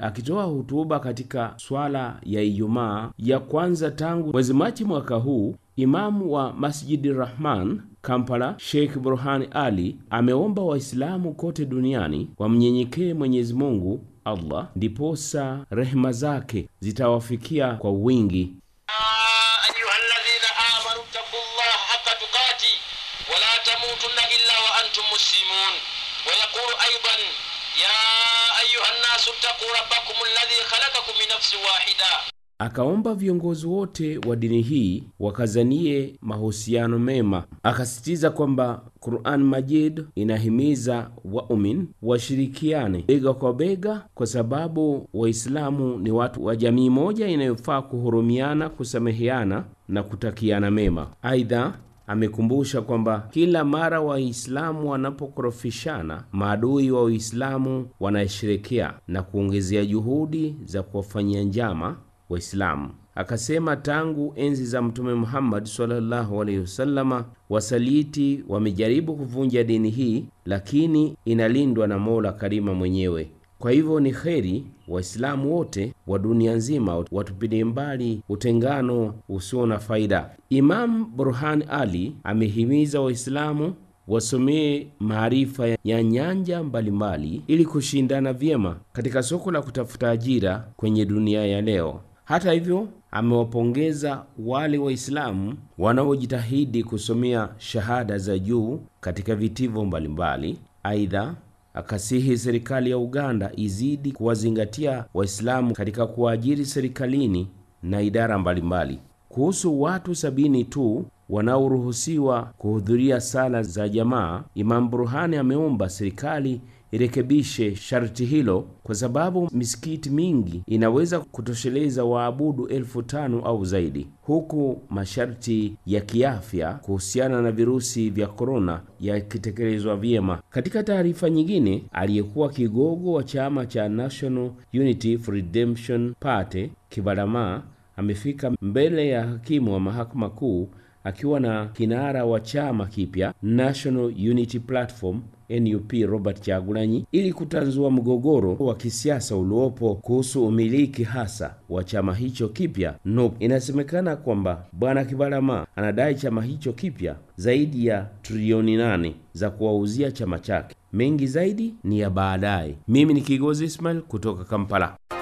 Akitoa hotuba katika swala ya Ijumaa ya kwanza tangu mwezi Machi mwaka huu, imamu wa Masjidi Rahman Kampala, Sheikh Burhan Ali ameomba Waislamu kote duniani wamnyenyekee Mwenyezi Mungu Allah, ndiposa rehema zake zitawafikia kwa wingi. ya ayuha nnasu ttaquu rabbakum alladhi khalaqakum min nafsin wahida Akaomba viongozi wote wa dini hii wakazanie mahusiano mema. Akasisitiza kwamba Qur'an Majid inahimiza waumin washirikiane bega kwa bega, kwa sababu Waislamu ni watu wa jamii moja inayofaa kuhurumiana, kusameheana na kutakiana mema. Aidha, amekumbusha kwamba kila mara Waislamu wanapokorofishana, maadui wa Uislamu wanasherekea na kuongezea juhudi za kuwafanyia njama Waislamu. Akasema tangu enzi za Mtume Muhammad sallallahu alaihi wasallama wasaliti wamejaribu kuvunja dini hii, lakini inalindwa na Mola Karima mwenyewe. Kwa hivyo ni kheri Waislamu wote wa dunia nzima watupilie mbali utengano usio na faida. Imam Burhan Ali amehimiza Waislamu wasomee maarifa ya nyanja mbalimbali ili kushindana vyema katika soko la kutafuta ajira kwenye dunia ya leo. Hata hivyo, amewapongeza wale Waislamu wanaojitahidi kusomea shahada za juu katika vitivo mbalimbali. Aidha, akasihi serikali ya Uganda izidi kuwazingatia Waislamu katika kuwaajiri serikalini na idara mbalimbali. Kuhusu watu sabini tu wanaoruhusiwa kuhudhuria sala za jamaa, Imam Burhani ameomba serikali irekebishe sharti hilo, kwa sababu misikiti mingi inaweza kutosheleza waabudu elfu tano au zaidi, huku masharti ya kiafya kuhusiana na virusi vya korona yakitekelezwa vyema. Katika taarifa nyingine, aliyekuwa kigogo wa chama cha National Unity for Redemption Party kivarama amefika mbele ya hakimu wa mahakama kuu akiwa na kinara wa chama kipya National Unity Platform NUP Robert Chagulanyi ili kutanzua mgogoro wa kisiasa uliopo kuhusu umiliki hasa wa chama hicho kipya NUP. Inasemekana kwamba Bwana Kibalama anadai chama hicho kipya zaidi ya trilioni nane za kuwauzia chama chake. Mengi zaidi ni ya baadaye. Mimi ni Kigozi Ismail kutoka Kampala.